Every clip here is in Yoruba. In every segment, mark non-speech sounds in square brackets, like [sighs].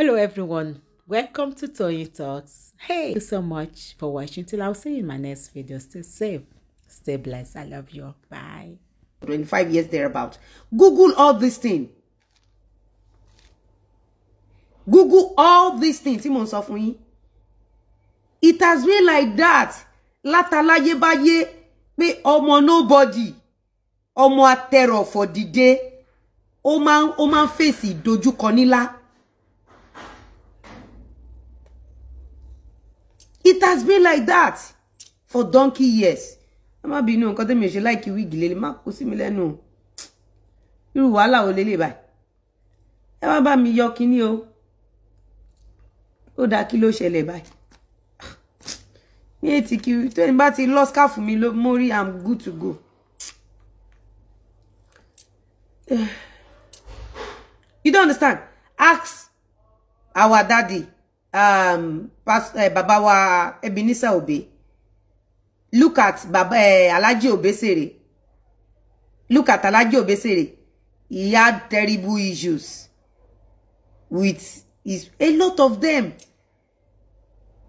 Hello everyone, welcome to Tony Talks. Hey, thank you so much for watching till I'll see you in my next video. Stay safe, stay blessed. I love you. Bye. 25 years thereabout. Google all these things. Google all these things tí mò ń It has been like that ye ba ye. Me omo nobody Omo a ọmọ atẹrọ fọdìde ó máa ń fèsì ìdojúkọ nílá. it has been like that for donkey years ẹ má bínú nǹkan tẹ́mi ò ṣe láìkí wíìgì lélẹ̀ má kó sí mi lẹ́nu o irú wàhálà wo lélẹ̀ báyìí ẹ wá bá mi yọ kínní o ó dáa kí ló ṣẹlẹ̀ báyìí ní ètí kiri tó ẹni bá ti lọ skáfù mi ló mórí i'm good to go. [sighs] you don't understand ask our daddy um, Pastor, uh, eh, Baba wa Ebenezer Obe. Look at Baba uh, eh, Alaji Obesere. Look at Alaji Obesere. He had terrible issues with is a lot of them.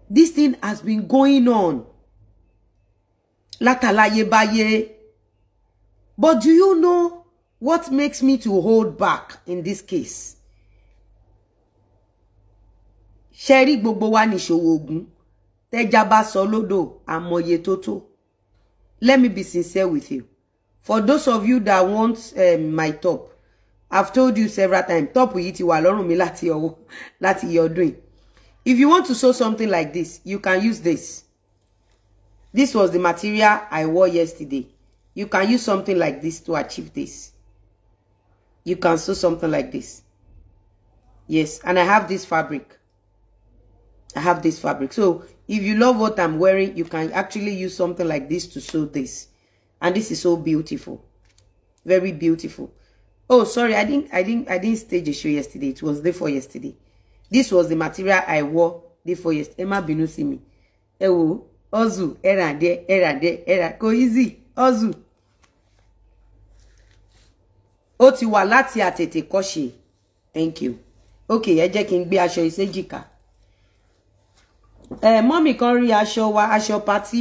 This thing has been going on. Látàláyé báyé. But do you know what makes me to hold back in this case? ṣe rí gbogbo wa níṣòwò oògùn tẹ́já bá sọ lódò àmọye tó tó let me be sincere with you for those of you that want um, my top I've told you several times top yìí ti wà lọ́rùn mi láti ọwọ́ láti iye ọdún yìí if you want to sew something like this you can use this this was the material I wore yesterday you can use something like this to achieve this you can sew something like this yes and I have this fabric I have this fabric. So if you love what I'm wearing, you can actually use something like this to sew this. And this is so beautiful. Very beautiful. Oh, sorry, I didn't I didn't I didn't stage a show yesterday. It was day for yesterday. This was the material I wore day for yesterday. Emma má bínú sí mi. Ozu, era de, era de, era ko easy. Ozu. Ó ti atete koshi. Thank you. Okay, ẹ jẹ́ be a show aṣọ ìṣèjìká ẹ eh, mọ́mì kan rí aṣọ wa aṣọ patí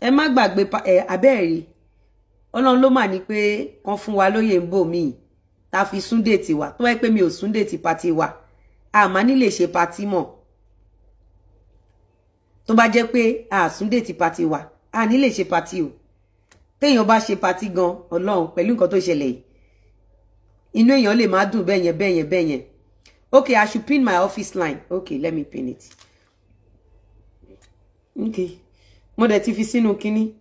ẹ má gbàgbé ẹ eh, abẹ́ẹ̀rí ọlọ́run ló mà ní pé wọ́n fún wa lóyè ń bò míì ta fi súndè tiwa tó wáyé pé mi ò súndè ti patí wa àmọ́ nílè ṣe patí mọ́ tó bá jẹ́ pé àsúndè ti patí wa a nílè ṣe patí o téèyàn bá ṣe patí gan ọlọ́run pẹ̀lú nǹkan tó ṣẹlẹ̀ yìí inú èèyàn lè má dùn bẹ́yẹn bẹ́yẹn bẹ́yẹn okay i should pin my office line okay let me pin it okay mo dẹ̀ ti fi sínú kínní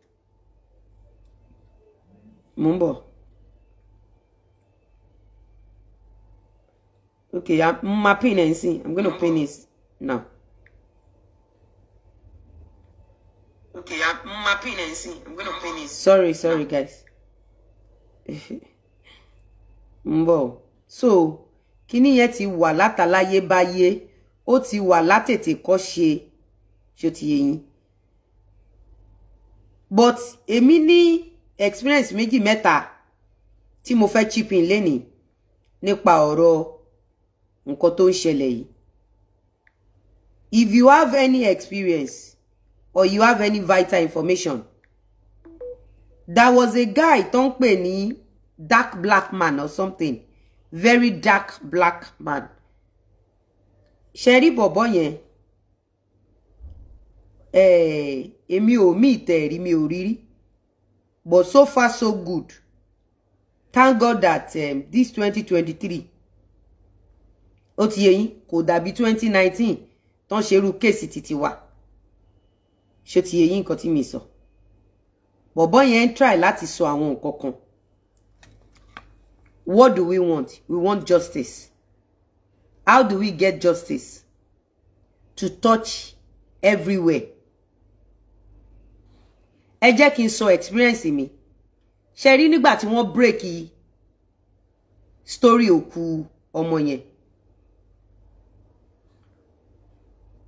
mo ń bọ̀ okay ma pin ẹ̀ ń sìn i'm gonna pin it now. Okay, I'm my and see. I'm gonna pin Sorry, sorry, guys. [laughs] Mbo. So, kíní yẹn ti wà látàláyé báyé, ó ti wà látètè kọ́ ṣe. Ṣó ti yé yín but èmi ní experience méjì mẹ́ta tí mo fẹ́ chip in lénìí nípa oro, nǹkan tó ń ṣẹlẹ̀ if you have any experience or you have any vital information there was a guy tó ń pè dark black man or something very dark black man ṣe rí bọ̀bọ̀ Eh, èmi ò mí ìtẹ̀rí mi ò rírí but so far so good thank God that um, this 2023, twenty three ó ti yẹ yín kò dàbí twenty nineteen tán ṣe irú kéèsì títí wa ṣó ti yẹ yín nǹkan tí mi so bọ̀bọ́ yẹn ń try láti sọ àwọn nǹkan what do we want we want justice how do we get justice to touch everywhere ẹ jẹ́ kí n sọ experience mi ṣe rí nígbà tí wọ́n break story òkú ọmọ yẹn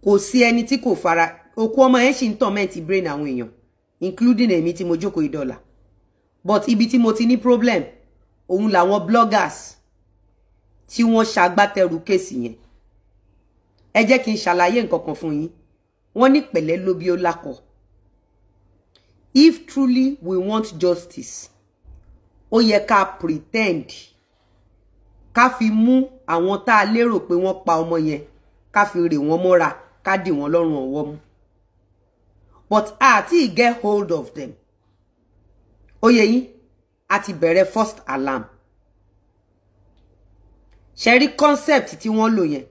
kò sí ẹni tí kò fara òkú ọmọ yẹn ṣì ń torment brain àwọn èèyàn including èmi tí mo jókòó ìdọ́là but ibi tí mo ti ní problem òun làwọn bloggers tí wọ́n ṣagbátẹrù kéèsì yẹn ẹ jẹ́ kí n ṣàlàyé nǹkan kan fún yín wọ́n ní pẹ̀lẹ́ lóbi ó lákọ̀ọ́ if truly we want justice ó ye ka pretend ka fi mú àwọn tá a lérò pé wọ́n pa ọmọ yẹn ká fi rè wọ́n mọ́ra ká dì wọ́n lọ́rùn ọwọ́ mú but ati get hold of them ó yẹ yín a ti first alarm ṣe concept tí wọ́n lò yẹn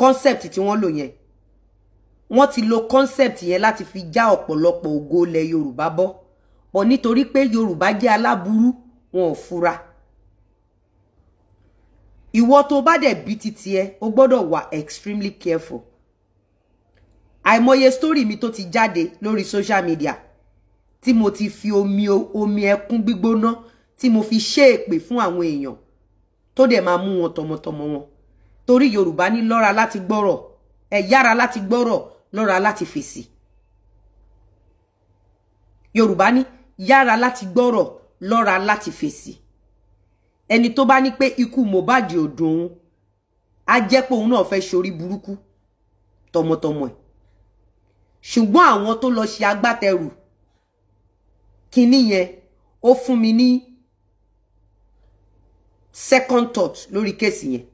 concept tí wọ́n lò yẹn wọ́n ti lo concept yẹn láti fi já ọ̀pọ̀lọpọ̀ ògo ilẹ̀ yorùbá bọ́ bọ̀ nítorí pé yorùbá jẹ́ aláburú wọn ò fura ìwọ tó bá dẹ̀ bí titi ẹ o gbọ́dọ̀ wà extremely careful àìmọye story mi tó ti jáde lórí social media tí mo ti fi omi omi ẹkún gbígbóná tí mo fi ṣe èpè fún àwọn èèyàn tó dẹ̀ máa mú wọn tọmọtọmọ wọn torí yorùbá ní lọ́ra láti gbọ́rọ̀ ẹ yára láti gbọ́rọ̀ lọ́ra láti fèsì yorùbá ní yára láti gbọ́rọ̀ lọ́ra láti fèsì ẹni tó bá ní pé ikú Mohbad ò dùn òun á jẹ́ pé òun náà fẹ́ ṣorí burúkú tọmọtọmọ ẹ̀ ṣùgbọ́n àwọn tó lọ ṣe agbátẹrù kinní yẹn ó fún mi ní second thought lórí kéèsì yẹn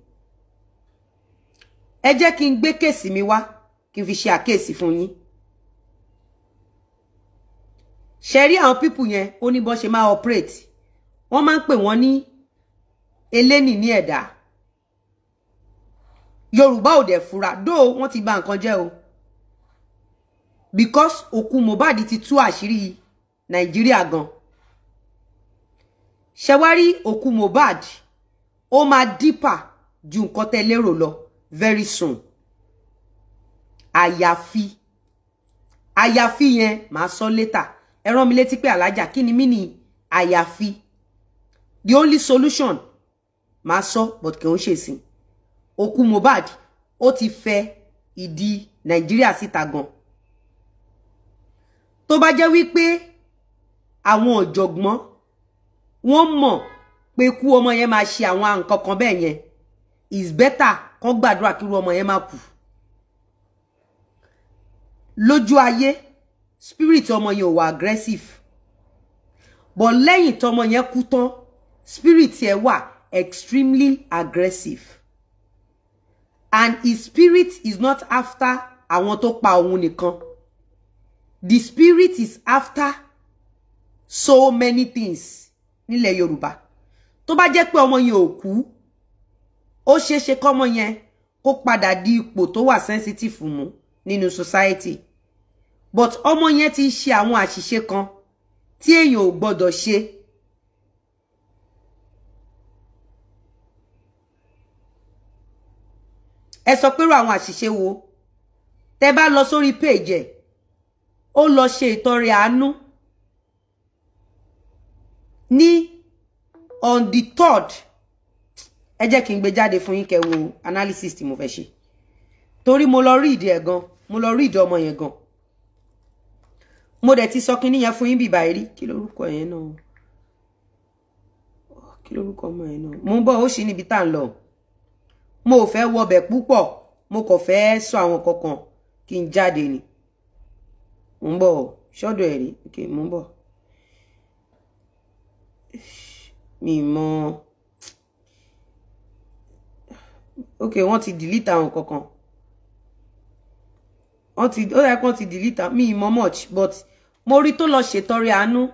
ẹ jẹ́ kí n gbé kéèsì mi wá kí n fi ṣe àkíyèsí fún yín ṣe rí àwọn pípù yẹn ó ní bọ́n operate wọ́n máa ń pè wọ́n ní eléni ní ẹ̀dá yorùbá ò fura dó wọ́n ti bà nǹkan jẹ́ o because oku Mohbad ti tú àṣírí nàìjíríà gan ṣẹwárí òkú Mohbad ó máa dípà ju nǹkan tẹ́ lérò lọ very soon àyàfi àyàfi yẹn màá sọ létà ẹ rán mi létí pé alájà kí ni mí ni àyàfi the only solution màá sọ but kì í ṣe sìn òkú Mohbad ó ti fẹ ìdí Nàìjíríà síta gan tó bá jẹ́ wípé àwọn ọ̀jọ̀gbọ́n wọ́n mọ̀ pé kú ọmọ yẹn máa ṣe àwọn nǹkan kan bẹ́ẹ̀ yẹn is better kó gbàdúrà kí irú ọmọ yẹn má kú lójú ayé spirit ọmọ yẹn ò wà aggressive but lẹ́yìn tọmọ yẹn kú tán spirit yẹn wà extremely aggressive and his spirit is not after àwọn tó pa òun nìkan the spirit is after so many things nílẹ̀ Yorùbá tó bá jẹ́ pé ọmọ yẹn ò kú ó ṣeéṣe kọ́mọ yẹn kó padà di ipò tó wà sensitive fún nínú society but ọmọ yẹn ti ṣe àwọn àṣìṣe kan tí èèyàn ò gbọ́dọ̀ ṣe ẹ sọ pé irú àwọn àṣìṣe wo tẹ́ bá lọ sórí page ẹ̀ ó lọ ṣe ìtọrẹ àánú on the third ẹ jẹ́ kí n gbé jáde fún yín wo analysis tí mo fẹ́ ṣe torí mo lọ rí ìdí ẹ̀ gan mo lọ rí ìdí ọmọ yẹn gan mo dẹ̀ ti sọ kinní yẹn fún yín bíbá yìí rí kí lorúkọ yẹn náà kí lorúkọ ọmọ yẹn náà mo ń bọ̀ ó sì níbi tá à ń lọ mo ò fẹ́ wọbẹ̀ púpọ̀ mo kàn fẹ́ sọ àwọn kankan kí n jáde ni mo ń bọ̀ ṣọ́dọ̀ ẹ̀rí ok mo ń bọ̀ mi mọ̀ ok wọ́n ti delete àwọn kankan wọ́n ti ó yẹ kí ti delete mi mo much but mo rí tó lọ ṣètọrẹ àánú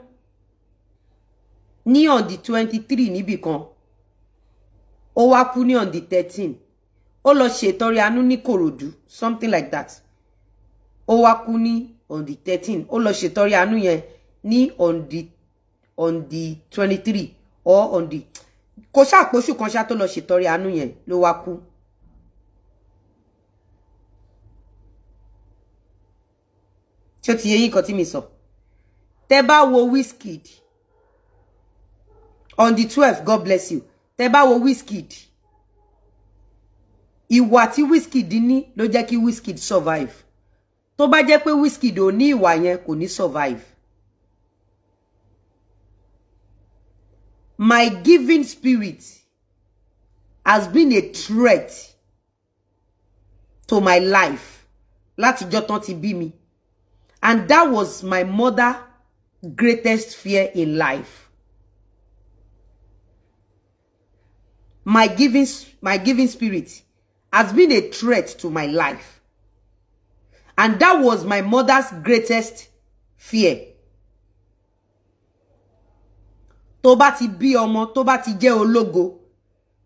ní on the twenty three níbì kan ó wá kú ní on the thirteen ó lọ ṣètọrẹ àánú ni Kòròdú something like that ó wá kú ní on the thirteen ó lọ ṣètọrẹ àánú yẹn ni on the on the twenty three or on the kò ṣàpòṣù kan ṣá tó lọ ṣètọrẹ àánú yẹn ló wá kú ṣó ti yé yín kan mi sọ tẹ́ bá wo whiskey. on the twelfth God bless you tẹ́ bá wo Wizkid ìwà tí Wizkid ní lo jẹ́ kí Wizkid survive tó bá jẹ́ pé Wizkid ò ní ìwà yẹn kò ní survive. My giving spirit has been a threat to my life Lati tán ti bí mi And that was my mother' greatest fear in life. My giving, my giving spirit has been a threat to my life. And that was my mother's greatest fear. Toba ti bi omo, toba ti jẹ́ ológo,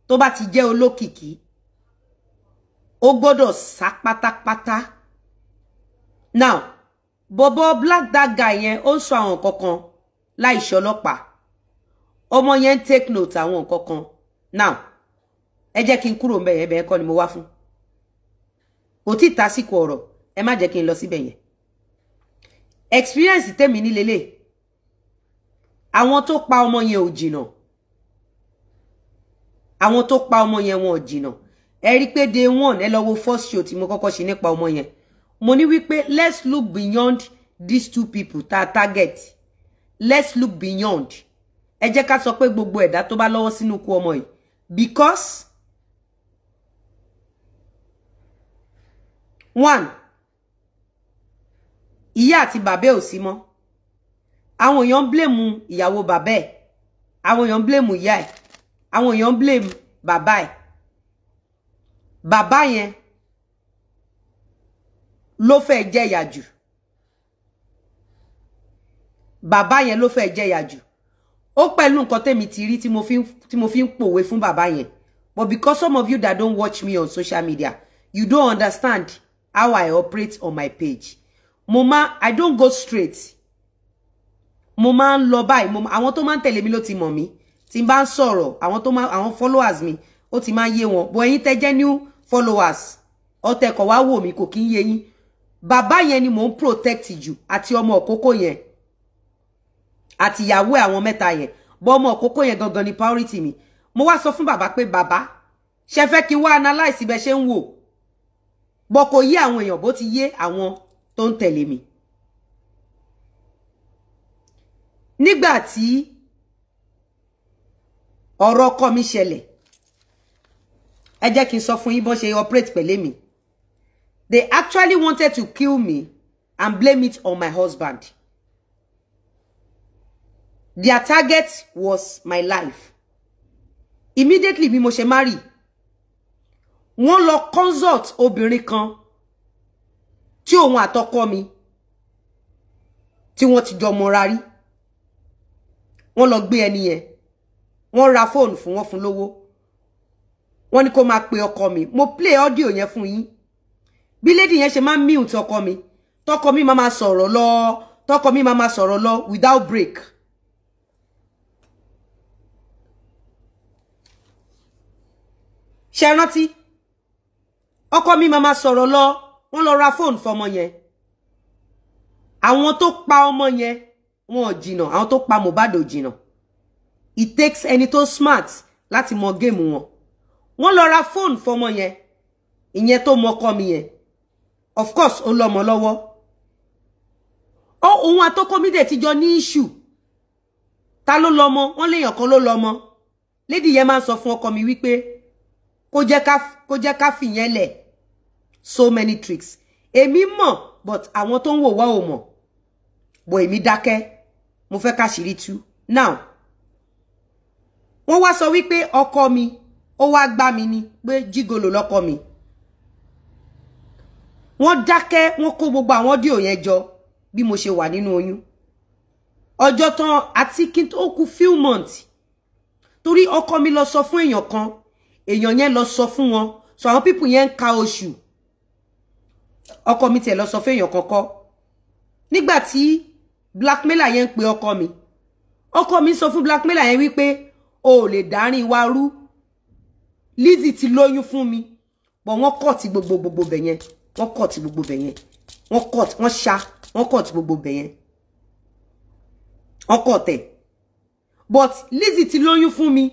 tó bá ti jẹ́ olókìkí, Ogodo gbọ́dọ̀ pata pátápátá. Now, Bobo black that guy yẹn ó ń sọ àwọn kankan láìṣe ọlọ́pàá ọmọ take note àwọn kankan now ẹ jẹ́ kí n kúrò ń bẹ̀ yẹn ni mo wá fún kò tí ì tásìkò ọ̀rọ̀ ẹ má jẹ́ kí n lọ síbẹ̀ experience tèmi ní lele. àwọn tó pa ọmọ yẹn ò jìnà àwọn tó pa ọmọ yẹn wọn ò jìnà ẹ rí pé day one e lọ wo first show tí mo kọ́kọ́ ṣe nípa ọmọ yẹn mo ní wípé let's look beyond these two people ta target let's look beyond ẹ jẹ́ ká sọ pé gbogbo ẹ̀dá tó bá lọ́wọ́ sínú ikú ọmọ yìí because one ìyá àti bàbá ò sí mọ́ àwọn èèyàn ń blame ìyàwó bàbá ẹ̀ àwọn èèyàn ń blame ìyá ẹ̀ àwọn èèyàn ń blame bàbá ẹ̀ bàbá yẹn ló fẹ́ jẹ̀yà jù bàbá yẹn ló fẹ́ jẹ̀yà jù ó pẹ̀lú nǹkan tèmi ti rí tí mo fi ń pòwe fún bàbá yẹn but because some of you that don't watch me on social media you don't understand how I operate on my page mo ma I don't go straight mo máa ń lọ báyìí mo àwọn tó máa ń tẹ̀lé mi ló ti mọ̀ mí tí n bá ń sọ̀rọ̀ àwọn tó máa àwọn followers mi ó ti máa ń yé wọn bọ̀ ẹ̀yin tẹ́ jẹ́ new followers ọ̀tẹ̀kọ̀ wá wò mí kò kí ń yé yín bàbá yẹn ni mò ń protect jù àti ọmọ òkókó yẹn àti ìyàwó àwọn mẹ́ta yẹn bọ́ ọmọ òkókó yẹn gangan ni priority mi mo wá sọ fún bàbá pé bàbá ṣe fẹ́ kí n wá analyse bẹ́ ṣe ń wò bọ́ kò yé àwọn èèyàn bó ti yé àwọn tó ń tẹ̀lé mi. nígbà tí ọ̀rọ̀ ọkọ mi ṣẹlẹ̀ ẹ jẹ́ kí n sọ fún yín bọ́n ṣe operate pẹ̀lẹ́ mi They actually wanted to kill me and blame it on my husband. Their target was my life. Immediately bí mo ṣe marry. Wọ́n lọ consult obìnrin kan tí òun àtọkọ mi tí wọ́n ti jọ Morari. rí. Wọ́n lọ gbé ẹni yẹn. Wọ́n ra phone fún wọn fún lówó. Wọ́n ní kó máa pe ọkọ mi. Mo play audio yẹn fún yín bí lady yẹn ṣe máa ń mute ọkọ mi tọkọ mi máa ma sọ̀rọ̀ lọ tọkọ mi máa ma sọ̀rọ̀ lọ without break. ṣe rántí ọkọ mi máa ma sọ̀rọ̀ lọ wọ́n lọ ra fóònù fọmọ yẹn àwọn tó pa ọmọ yẹn wọn ò jìnnà àwọn tó pa Mohbad ò jìnnà it takes ẹni tó smart láti mọ géèmù wọn wọ́n lọ ra fóònù fọmọ yẹn ìyẹn tó mọ ọkọ mi yẹn of course ó lọ́mọ lọ́wọ́ ó òun àtọkọmídẹ tíjọ ní issue ta ló lọ́mọ wọ́n léèyàn kan ló lọ́mọ lady yẹn máa ń sọ fún ọkọ mi wípé kó jẹ́ ká kó jẹ́ ká fìyẹn lẹ̀ so many tricks èmi mọ̀ but àwọn tó ń wò wá ò mọ̀ bọ̀ èmi dákẹ́ mo fẹ́ káṣírí tú now wọ́n wá sọ wípé ọkọ mi ó wá gbá mi ni pé jígolo lọ́kọ mi wọ́n dake wọ́n kó gbogbo àwọn díò yẹn jọ bí mo ṣe wà nínú oyún ọjọ́ tán àti kí n tó kù few months torí ọkọ mi lọ sọ fún èèyàn kan èèyàn yẹn lọ sọ fún wọn so àwọn pípù yen ń ka oṣù ọkọ mi tiẹ̀ lọ sọ fún èèyàn kọ́kọ́ nígbà tí blackmailer yẹn ń pe ọkọ mi ọkọ mi sọ fún blackmailer yẹn wípé o ò lè dárin wa rú Lizzy ti lóyún fún mi pọ̀ wọ́n kọ̀ ti gbogbo gbogbo bẹ̀ yẹn wọ́n cut gbogbo bẹ̀ yẹn wọ́n cut wọ́n ṣá wọ́n cut gbogbo bẹ̀ yẹn wọ́n cut ẹ̀ but Lizzy ti lóyún fún mi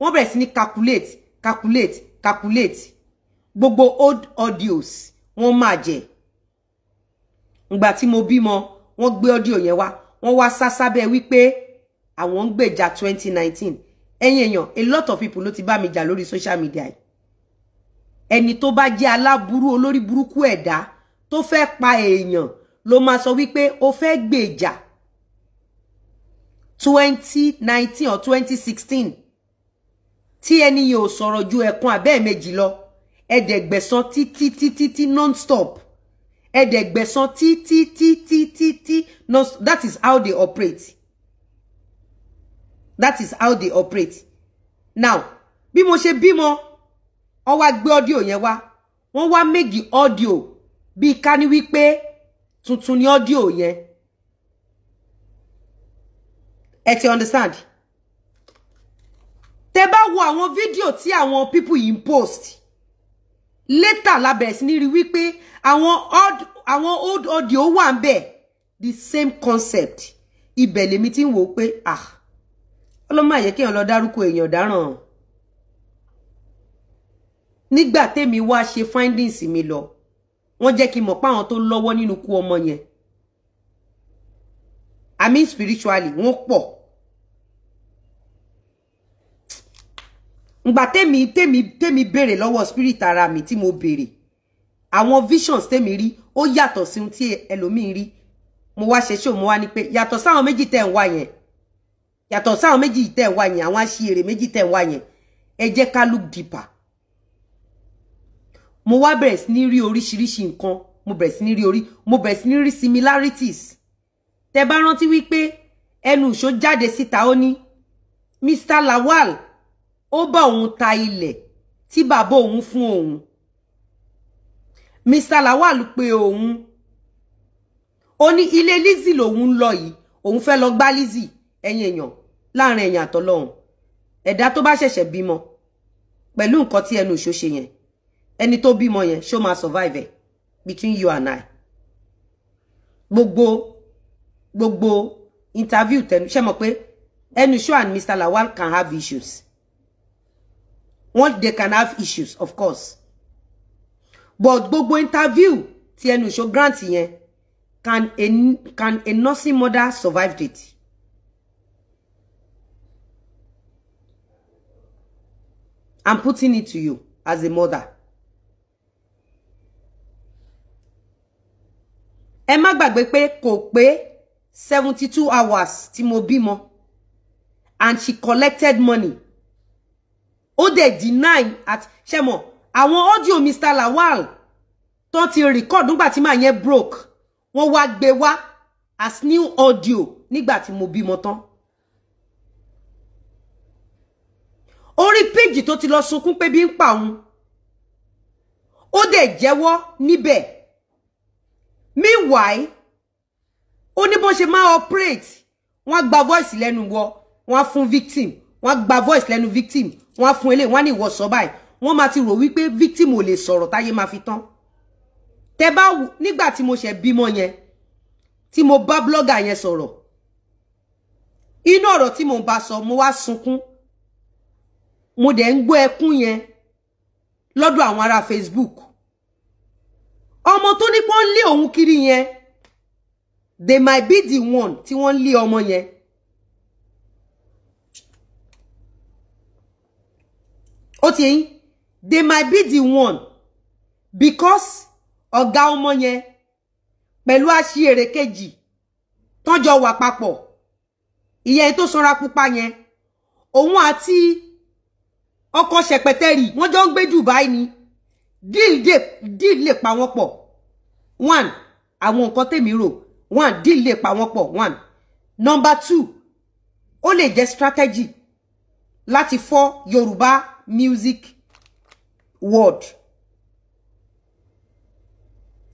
wọ́n bẹ̀rẹ̀ sí ni calculate calculate calculate gbogbo old audios wọ́n máa jẹ ìgbà tí mo bímọ wọ́n gbé audio yẹn wá wọ́n wá sásábẹ́ wípé àwọn ń gbèjà 2019 ẹ̀yin èèyàn a lot of people ló ti bá mi jà lórí social media yìí ẹni tó bá jẹ́ aláburú olórí burúkú ẹ̀dá tó fẹ́ pa èèyàn ló máa sọ wípé ó fẹ́ gbèjà twenty nineteen or twenty sixteen tí ẹni yìí ò sọ̀rọ̀ ju ẹ̀kan àbẹ́ẹ̀mejì lọ ẹ̀dẹ̀gbẹ̀sán títí títí tí non-stop ẹ̀dẹ̀gbẹ̀sán títí títí títí non that is how they operate that is how they operate now bí mo ṣe bímọ wọ́n wá gbé ọ́díò yẹn wá wọ́n wá méjì ọ́díò bíi ká ní wípé tuntun ni ọ́díò yẹn ẹ ti understand tẹ bá wo àwọn fídíò tí àwọn pípù yìí ń post létà lábẹ̀rẹ̀ sí ní rí wípé àwọn old audio wà ń bẹ̀ the same concept ibẹ̀ lèmi ti ń wò ó pé ah ọlọ́mọ àyẹ̀kẹ́yàn lọ dárúkọ èèyàn dáràn o nígbà tèmi wá ṣe findings mi lọ wọ́n jẹ́ kí mọ̀ pé àwọn tó lọ́wọ́ nínú kú ọmọ yẹn i mean spiritually wọ́n pọ̀ ngbà tèmi tèmi tèmi béèrè lọ́wọ́ spirit ara mi tí mo béèrè àwọn visions tèmi rí ó yàtọ̀ sí ohun tí ẹlòmíín rí mo wá ṣe show mo wá ní pé yàtọ̀ sáwọn méjì tẹ́ ń wá yẹn yàtọ̀ sáwọn méjì tẹ́ ń wá yẹn àwọn aṣièrè méjì tẹ́ ń wá yẹn ẹ jẹ́ ká look deeper mo wá bẹ̀rẹ̀ sí ní rí oríṣiríṣi nǹkan mo bẹ̀rẹ̀ sí ní rí orí mo bẹ̀rẹ̀ sí ní rí similarities tẹ bá rántí wípé ẹnu ìṣó jáde síta ó ní Mr Lawal ó bá òun ta ilẹ̀ tí bàbá òun fún òun Mr Lawal pé òun ó ní ilé Lizzy lòun ń lọ yìí òun fẹ́ lọ gbá Lizzy ẹ̀yin èèyàn láàrin ẹ̀yìn àtọlọ́hun ẹ̀dá tó bá ṣẹ̀ṣẹ̀ bímọ pẹ̀lú nǹkan tí ẹnu ìṣó ṣe yẹn ẹni tó bímọ yẹn ṣó máa survive ẹ̀ between you and I gbogbo gbogbo interview tẹnu ṣe mọ̀ pé ẹnu show and Mr. Lawal can have issues one they can have issues of course but gbogbo interview ti ẹnu show grant yẹn can a can a nursing mother survive it I'm putting it to you as a mother ẹ má gbàgbé pé kò pé seventy two hours tí mo bímọ and she collected money ó dẹ̀ deny at ṣe mọ̀ àwọn audio Mr. Lawal tó ti record nígbà tí màá yẹn broke wọ́n wá gbé wá as new audio nígbà tí mo bímọ tán. orí péjì tó ti lọ sunkún pé bí ń pa òun ó dẹ̀ jẹ́wọ́ níbẹ̀ meanwhile ó ní bó ṣe máa operate wọ́n gba voice lẹ́nu wọ wọ́n fún victim wọ́n gba voice lẹ́nu victim wọ́n fún eléyìí wọ́n ní ìwọ sọ báyìí wọ́n máa ti rò wípé victim ò lè sọ̀rọ̀ táyé máa fi tán tẹ bá nígbà tí mo ṣe bímọ yẹn tí mo bá blogger yẹn sọ̀rọ̀ inú ọ̀rọ̀ tí mo bá sọ mo wá sunkún mo dẹ̀ ń gbọ́ ẹkún yẹn lọ́dọ̀ àwọn ará Facebook ọmọ tó ní pọ́n lé òun kiri yẹn they might be the one tí wọ́n lé ọmọ yẹn. ó ti yín they might be the one because ọ̀gá ọmọ yẹn pẹ̀lú àṣìírè kejì tọ́jọ wà papọ̀ ìyẹn tó sanra pupa yẹn òun àti ọkọ ṣẹpẹtẹrì wọ́n jọ ń gbé Dubai ni Deal lè pa wọ́n pọ̀ one àwọn nǹkan tèmi rò one deal lè pa wọ́n pọ̀ one number two ó lè jẹ́ strategy láti fọ́ Yorùbá music world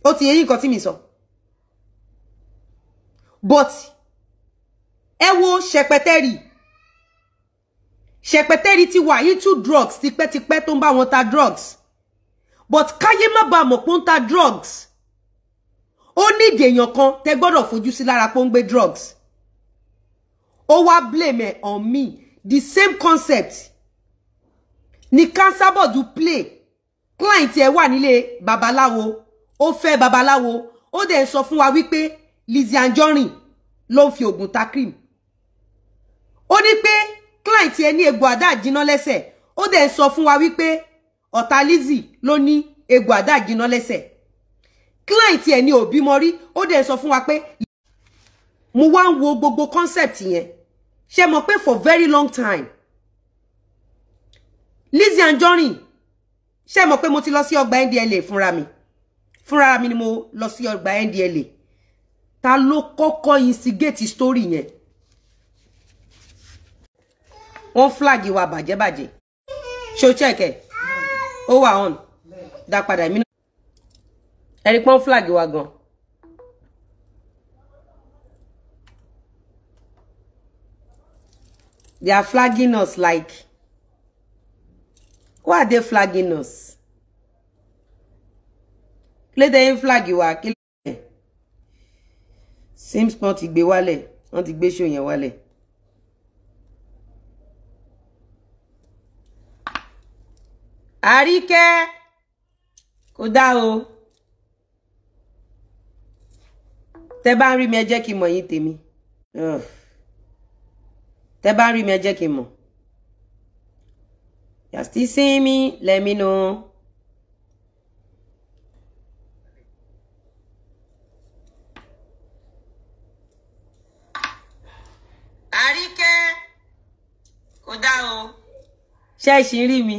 ó ti yẹ yín nǹkan tí mi sọ but ẹ wo ṣẹpẹtẹrì ṣẹpẹtẹrì ti wà yìí two drugs tipẹ́tipẹ́ tó ń bá wọn ta drugs but káyé má bàa mọ̀ pé ta drugs ó nídìí èèyàn kan tẹ gbọ́dọ̀ fojú sí lára pé ó ń drugs ó wá blame on me the same concept ni cancer board play client ẹ wà nílé babalawo ó fẹ́ babaláwo ó dẹ̀ sọ fún wa wípé pe Anjorin ló ń fi oògùn ta cream ó ní pé client ẹ ní egbò àdá jiná lẹ́sẹ̀ ó dẹ̀ sọ fún wa wípé ọ̀tá Lizzy ló ní egbò àdáàjìnà lẹ́sẹ̀ client ẹ̀ ní òbí mọ́rí ó dẹ̀ sọ fún wa pé mo wá ń wo gbogbo concept yẹn ṣe mọ̀ pé for very long time Lizzie Anjorin ṣe mọ̀ pé mo ti lọ sí ọgbà NDLA fúnra mi fúnra mi ni mo lọ sí ọgbà NDLA ta ló kọ́kọ́ instigate story yẹn wọ́n flag wa bàjẹ́bàjẹ́ ṣó check ẹ̀ ó wà on dá padà mí náà ẹni pọ́n flag wa gan. They are flagging us like Who are they flagging us? Kílódé yín flag wa kílódé. Sims pọ́n ti gbé wálẹ̀ wọ́n ti gbé ṣó yẹn wálẹ̀. àríkẹ́ kò dá o tẹ bá ń rí mi ẹ jẹ́ kí n mọ̀ yín tèmi tẹ bá rí mi ẹ jẹ́ kí n mọ̀ you're still seeing me let me know. àríkẹ́ kò dá o ṣé ẹ ṣì rí mi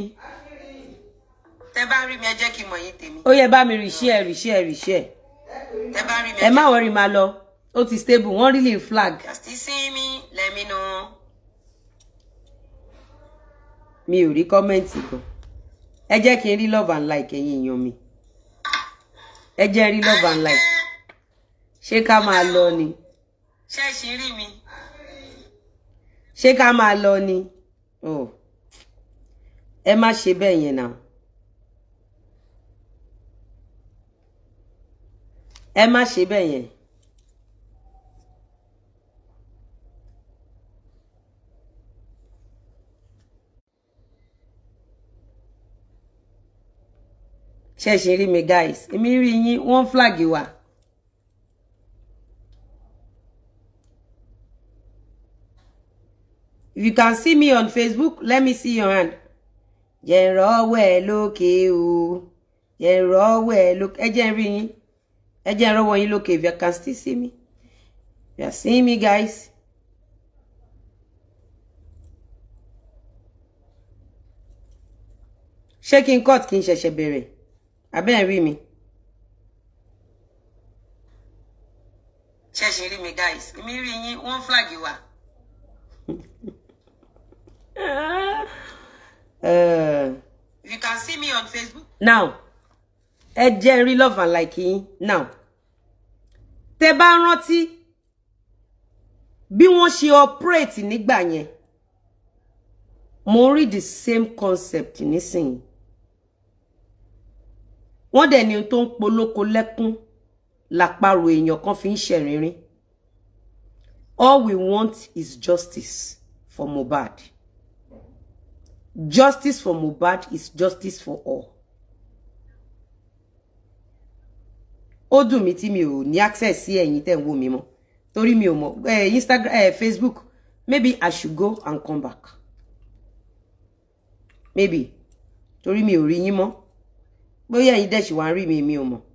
tẹ bá rí mi ẹ jẹ́ kí n mọ̀ yín tèmi. ó yẹ bá mi rìṣẹ́ ẹ rìṣẹ́ ẹ rìṣẹ́ ẹ. tẹ bá rí mi ẹ jẹ́ ẹ má wọrí máa lọ ó ti stable wọ́n rí lè flag. kàstí sí mi lẹ́mí nù. mi ò rí kọ́mẹ́ǹtì kan ẹ jẹ́ kí n rí love and like ẹ̀yin èèyàn mi ẹ jẹ́ rí love and like ṣé ká máa lọ ni. ṣé ẹ ṣì rí mi. ṣé ká máa lọ ni. Oh. ẹ má ṣe bẹ́ẹ̀ yẹn náà. ẹ má ṣe bẹ́ẹ̀ yẹn. ṣẹ̀ṣẹ̀ rí mi guys èmi rí yín wọ́n flag wa. If you can see me on Facebook, let me see your hand. Jẹ̀rọ̀ wẹ̀ lókè o. Jẹ̀rọ̀ wẹ̀ lókè. Ẹ jẹ́ rí yín ẹ jẹ́ ń rọ́wọ́ yín if you can still see me if you are seeing me guys. Shaking court, n cut kí n ṣẹ̀ṣẹ̀ bẹ̀rẹ̀ abẹ́ ẹ̀ rí mi. ṣẹ̀ṣẹ̀ rí mi guys èmi rí yín wọ́n flag wa. [laughs] Eh. you can see me on Facebook. now ẹ jẹ́ rí love and like yín now tẹ bá rántí bí wọ́n ṣe operate nígbà yẹn mo ń rí the same concept nísìnyí wọ́n dẹ̀ ni tó ń polóko lẹ́kún làparò èèyàn kan fi ń ṣẹ̀rìnrín all we want is justice for Mohbad justice for Mohbad is justice for all ó dùn mí tí mi ò ní access sí ẹ̀yin tẹ̀ ń wò mí mọ́ torí mi ò mọ̀ Instagram Facebook maybe I should go and come back maybe torí mi ò rí yín mọ́ bóyá ẹ̀yin dẹ̀ ṣì wá ń rí mi mi ò mọ̀.